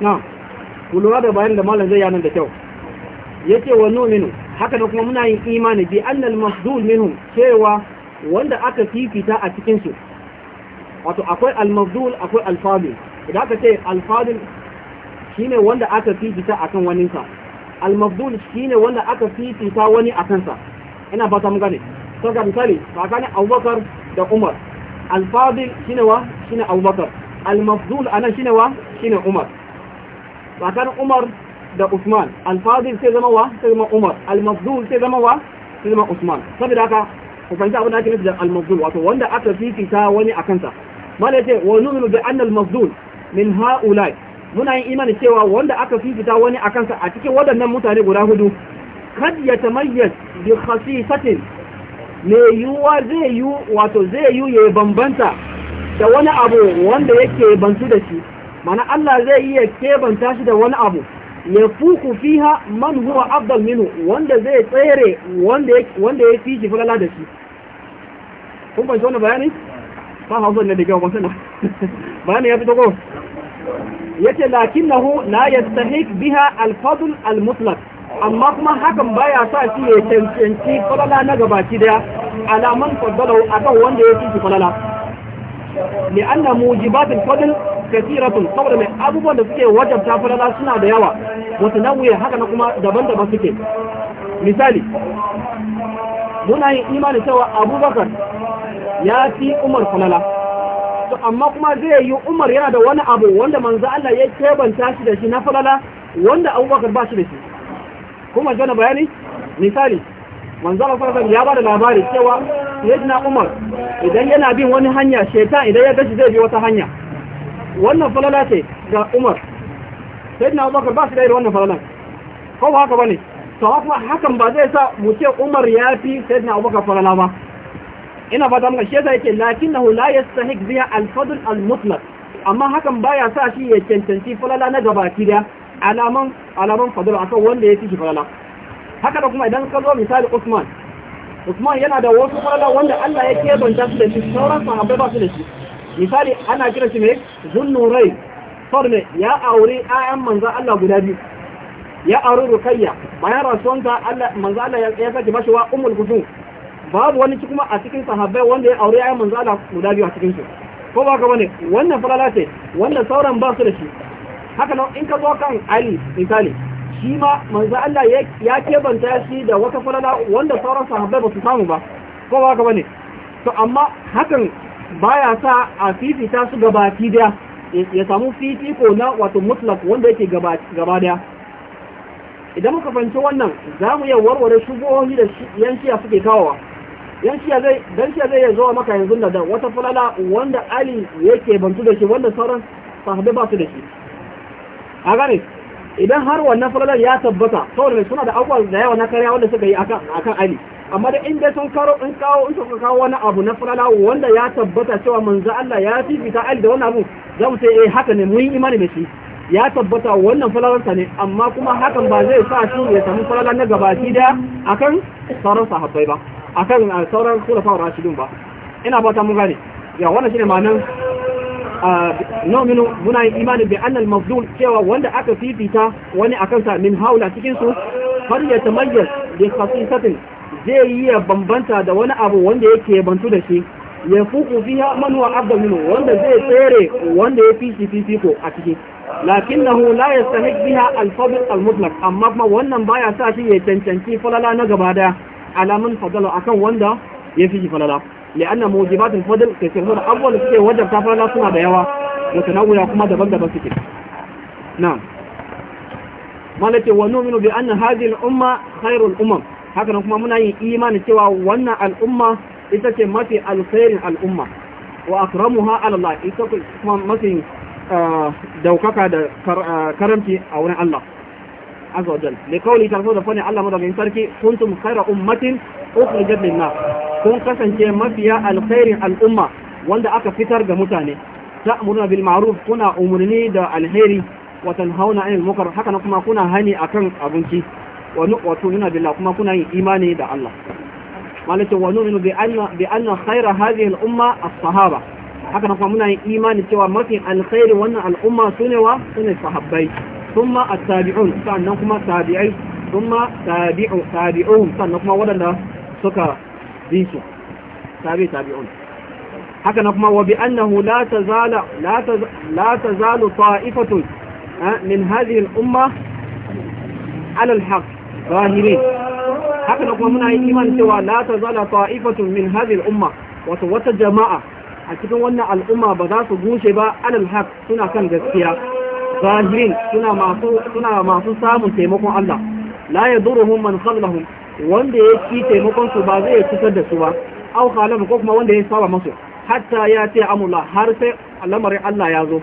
Speaker 1: na kulura da bayan da malam zai yanar da kyau Ya yace wa nu'minu haka da kuma muna yin imani bi annal mahdul minhum cewa wanda aka fifita a cikinsu. wato akwai almafdul, akwai al idan aka ce al-fadil shine wanda aka fifita a kan waninsa. Almafdul mafdul shine wanda aka fifita wani a kansa. ina fata mun gane to ga misali tsakanin Abubakar da Umar al shi ne wa Shi ne Abubakar Almafdul a nan shi ne wa Shi ne Umar tsakanin Umar da Usman al-Fadil sai zama wa sai zama Umar al sai zama wa sai zama Usman saboda haka ku fahimci abin da ake nufi da al wato wanda aka fifita wani a kansa malai ce wa nu'minu bi anna al-Mafdul min ha'ula'i muna yin imani cewa wanda aka fifita wani a kansa a cikin waɗannan mutane guda hudu kad ya tamayyaz bi khasifatin me yuwa zai yu wato zai yu ya bambanta da wani abu wanda yake bantu da shi mana Allah zai iya kebanta shi da wani abu ya fuku fiha man huwa afdal minhu wanda zai tsere wanda ya fi shi falala da shi kun ban wannan bayani ba hausa ne da gawa ban sana bayani ya fi fito ko yace lakinnahu na yastahiq biha al-fadl al-mutlaq amma kuma hakan baya sa shi ya cancanci falala na gabaki daya alaman fadalau akan wanda ya fi shi falala li anna mujibatul fadl kasiratun saboda mai abubuwan da suke wajen falala suna da yawa wata nauyi haka na kuma daban-daban suke misali muna yin imanin cewa abubakar ya fi umar falala to amma kuma zai yi umar yana da wani abu wanda manzo Allah ya kebanta shi da shi na falala wanda abubakar ba shi da shi kuma jana bayani misali manzo Allah sallallahu ya ba da labari cewa sayyidina umar idan yana bin wani hanya shaitan idan ya gashi zai bi wata hanya wannan falala ce ga umar sai na abubakar ba su da irin wannan falalan ko ba haka ba ne to haka hakan ba zai sa mu ce umar ya fi sai na abubakar falala ba ina ba ta muka shi yasa yake lakinnahu hula ya biha al-fadl al-mutlaq amma hakan baya sa shi ya cancanci falala na gabaki da alaman alaman A kan wanda ya fi shi falala haka da kuma idan ka zo misali Usman Usman yana da wasu falala wanda Allah ya kebanta su da shi sauran sahabbai ba su da shi misali ana kira shi ne zunnurai farne ya aure ayan manzo Allah guda biyu ya aure rukayya bayan rasuwanta Allah manzo Allah ya saki bashi wa ummul kutub babu wani kuma a cikin sahabbai wanda ya aure ayan manzo Allah guda biyu a cikin su ko ba ka bane wannan falala ce wannan sauran ba su da shi haka nan in ka zo kan Ali misali shi ma manzo Allah ya kebanta shi da wata falala wanda sauran sahabbai ba su samu ba ko ba ka bane to amma hakan baya sa a fifita su gabaki daya ya samu fifiko na wato mutlak wanda yake gaba daya idan muka fahimci wannan za mu iya warware shugohi da 'yanciya suke kawowa yan zai dan zuwa maka yanzu da wata fulala wanda ali yake bantu da shi wanda sauran sahabbai ba su da shi a gane idan har wannan fulalar ya tabbata saboda suna da abubuwa da yawa na karya wanda suka yi akan ali amma da inda sun karo in kawo in suka kawo wani abu na falala wanda ya tabbata cewa manzo Allah ya fifita al da wannan abu za mu ce eh haka ne mun yi imani da shi ya tabbata wannan falalarsa ne amma kuma hakan ba zai sa shi ya samu falala na gabaki da akan sauran sahabbai ba akan eh, sauran khulafa rashidun ba ina ba mun gane ya wannan shine ma'anar ah, nominu muna yin imani bi annal mafdul cewa wanda aka fifita wani akan sa min haula cikin su har ya tamayyaz bi khasisatin zai yi ya bambanta da wani abu wanda yake bantu da shi ya fuku fiha man huwa afdalu wanda zai tsere wanda ya fi shi ko a ciki na hula ya biha al-fadl al-mutlaq amma kuma wannan baya sa shi ya cancanci falala na gaba daya alamun fadala akan wanda ya fi shi falala لأن موجبات الفضل كثيرون أول شيء وجب تفعلها سنة daban متنوعة كما دبن دبن سكين نعم مالتي ونؤمن بأن هذه الأمة خير الأمم haka kuma muna yin imani cewa wannan al'umma ita ce mafi alkhairin al'umma wa akramuha ha Allah ita kuma mafi eh, daukaka da eh, karamci a wurin Allah azza wajal li qawli ta'ala da fani Allah madaukakin sarki kuntum khayra ummatin ukhrijat lin nas kun kasance mafiya alkhairin al'umma wanda aka fitar ga mutane ta'muruna bil ma'ruf kuna umurni da alheri wa tanhauna 'anil munkar haka kuma kuna hani akan abinci wa nu'minuna billah kuma kuna yin imani da Allah malaka wa nu'minu bi anna bi anna khayra hadhihi al-umma as-sahaba haka kuma muna yin imani cewa mafi alkhairi wannan al'umma sune wa sune sahabbai thumma at-tabi'un sannan kuma tabi'ai thumma tabi'u tabi'un sannan kuma wadanda suka bi su tabi tabi'un haka kuma wa bi annahu la tazala la tazala la tazalu ta'ifatun eh, min hadhihi al-umma على الحق zahiri haka da kuma muna yi iman cewa la ta zala min hadhihi umma wato wata jama'a a cikin wannan al'umma ba za su gushe ba alal haq suna kan gaskiya zahiri suna masu suna masu samun taimakon Allah la yadurruhum man khadlahum wanda ya ki taimakon su ba zai cutar da su ba aw khalafu ko kuma wanda ya saba musu hatta ya ce amula har sai lamarin Allah ya zo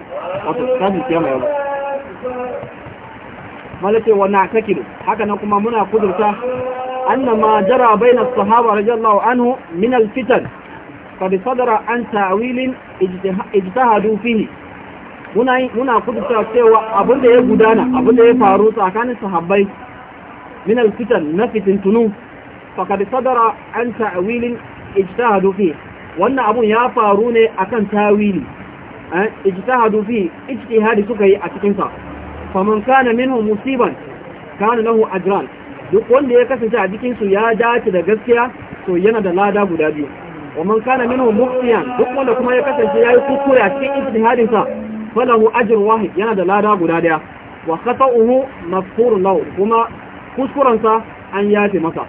Speaker 1: wato kafin kiyama ya zo malace wa na'takidu haka nan kuma muna kudurta annama jara baina sahaba radiyallahu anhu min al-fitan qad sadara an ta'wilin ijtihadu fihi muna muna kudurta cewa da ya gudana da ya faru tsakanin sahabbai min al-fitan na fitintunu faqad sadara an ta'wilin ijtihadu fihi wannan abun ya faru ne akan tawili eh, ijtihadu fihi ijtihadi suka yi a cikin sa faman kana minhu musiban kana lahu ajran duk wanda ya kasance a cikin su ya dace da gaskiya to yana da lada guda biyu ومن كان منه مخطئا duk wanda kuma ya kasance yayi kuskure a cikin ijtihadin sa falahu ajr wahid yana da lada guda daya wa khata'uhu maghfurun lahu kuma kuskuren sa an yafe masa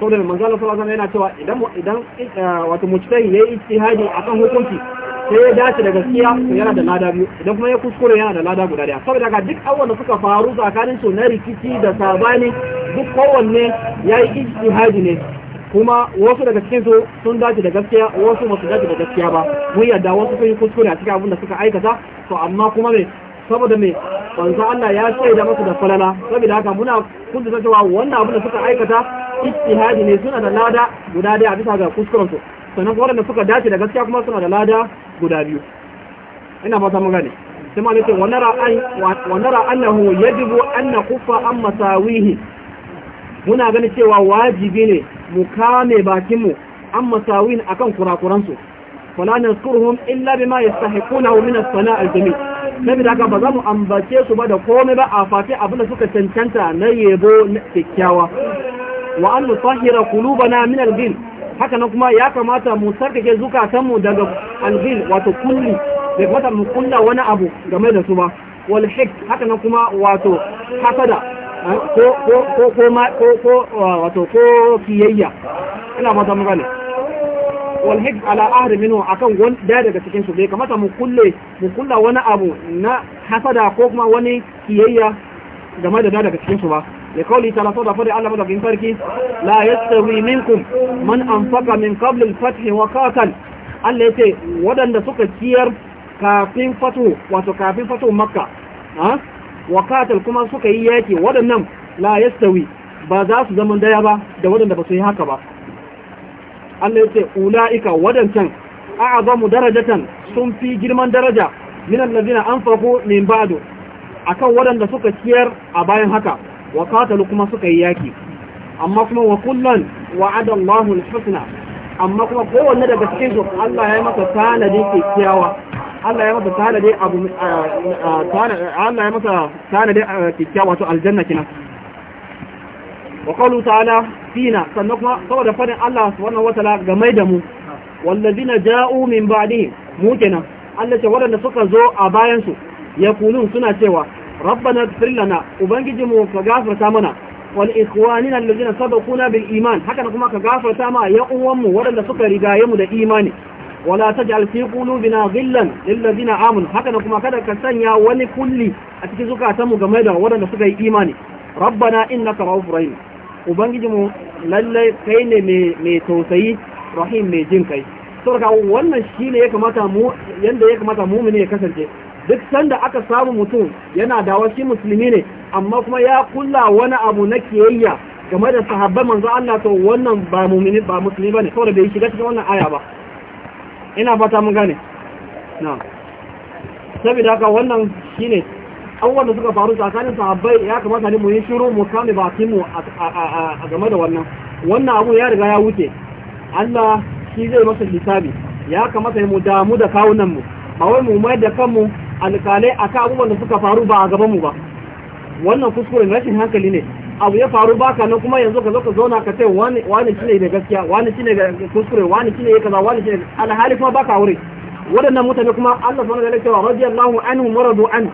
Speaker 1: saboda manzo Allah sallallahu alaihi wasallam yana cewa idan idan wato mujtahi yayi ijtihadi akan hukunci sai ya dace da gaskiya to yana da lada biyu idan kuma ya kuskure yana da lada guda daya saboda ga duk awon da suka faru tsakanin su na rikici da sabani duk kowanne ya yi ijtihadi ne kuma wasu daga cikin su sun dace da gaskiya wasu ba su dace da gaskiya ba mun yadda wasu sun yi kuskure a cikin abin da suka aikata to amma kuma me saboda me wanzan Allah ya shaida masu da falala saboda haka muna ta cewa wannan abin da suka aikata ijtihadi ne suna da lada guda daya a bisa ga kuskuren su sannan waɗanda suka dace da gaskiya kuma suna da lada guda biyu ina fata mu gane sai ma nace wa nara an wa nara annahu yajibu an nakufa an masawihi muna gani cewa wajibi ne mu kame bakin mu an masawihin akan kurakuran su fala nazkuruhum illa bima yastahiquna min as-sana' al-jamil nabi da ba bazamu ambace su ba da komai ba a fati abin da suka cancanta na yebo kyakkyawa wa an mutahhira qulubana min al-ghil haka nan kuma ya kamata mu sarkake zukatanmu daga alhil wato kulli bai kamata mu kulla wani abu game da su ba wal hik haka nan kuma wato hasada eh, ko ko ko ko ah, wato ko kiyayya ina fata mun wal hik ala ahri minhu akan gon da daga cikin su bai kamata mu kulle mu kulla wani abu na hasada ko kuma wani kiyayya game da daga cikin su ba لقوله تعالى صدى فرع الله مدى في فركي لا يستوي منكم من أنفق من قبل الفتح وقاتل Allah ya ce waɗanda suka ciyar kafin fatu wato kafin fatu makka wa kuma suka yi yaki waɗannan la yastawi ba za su zama daya ba da waɗanda ba su yi haka ba Allah ya ce ula'ika waɗancan a'azamu darajatan sun fi girman daraja min allazina min ba'du akan waɗanda suka ciyar a bayan haka wa qatalu kuma suka yi yaki amma kuma wa kullan wa'ada Allahu al-husna amma kuma kowanne daga cikin su Allah ya yi masa tanadi kyakkyawa Allah ya masa tanadi abu eh, eh, Allah ya masa tanadi eh, kyakkyawa to aljanna kina wa qawlu ta'ala fina sannan kuma saboda fadin Allah subhanahu wataala game da mu wallazina ja'u min ba'dihim mu kenan Allah ce waɗanda suka zo a bayan su yakulun suna cewa rabbana ighfir lana ubangiji mu ka gafarta mana wal ikhwanina alladhina sabaquna bil iman haka kuma ka gafarta ma yan uwanmu mu waɗanda suka riga mu da imani wala taj'al fi qulubina ghillan lil ladina amanu haka kuma kada ka sanya wani kulli a cikin zukatan game da waɗanda suka yi imani rabbana innaka ra'ufur rahim ubangiji mu lalle kai ne mai tausayi rahim mai jin kai saboda wannan shine ya kamata mu ya kamata mu'mini ya kasance duk sanda aka samu mutum yana da wasu musulmi ne amma kuma ya kulla wani abu na kiyayya game da sahabban manzo Allah to wannan ba mu'mini ba musulmi bane saboda bai shiga cikin wannan aya ba ina fata mun gane na saboda haka wannan shine abubuwan da suka faru tsakanin sahabbai ya kamata ne mu yi shiru mu kame bakin mu a game da wannan wannan abu ya riga ya wuce Allah shi zai masa hisabi ya kamata mu damu da kawunan mu ba wai mu mai da kanmu alkalai akan abubuwan da suka faru ba a gaban mu ba wannan kuskure rashin hankali ne abu ya faru baka nan kuma yanzu ka zo ka zauna ka ce wani shi ne da gaskiya wani ne da kuskure wani ne ya kaza wani shi ne alhali kuma baka wuri waɗannan mutane kuma Allah subhanahu wa ta'ala cewa radiyallahu anhum wa radu an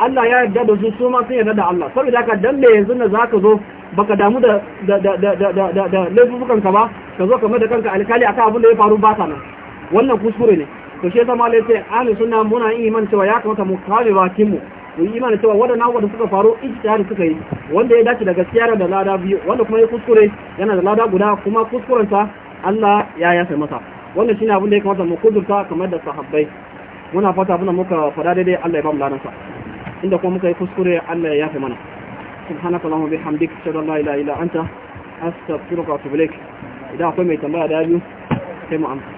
Speaker 1: Allah ya yarda da su su ma sun yarda da Allah saboda ka dan me yanzu na zaka zo baka damu da da da da da da da laifukan ka ba ka zo ka mai da kanka alkali akan abin da ya faru baka nan wannan kuskure ne to shi zama laifin ahli suna muna iman cewa ya kamata mu kare bakinmu mu yi imanin cewa waɗannan wadanda suka faru ijtihadi suka yi wanda ya dace da gaskiya da lada biyu wanda kuma ya kuskure yana da lada guda kuma kuskurensa Allah ya yafe masa wanda shine abin da ya kamata mu kudurta kamar da sahabbai muna fata abin muka fada daidai Allah ya ba mu ladansa inda kuma muka yi kuskure Allah ya yafe mana subhanaka allahumma bihamdika ashhadu anta astaghfiruka wa atubu ilaik idan akwai mai tambaya da biyu sai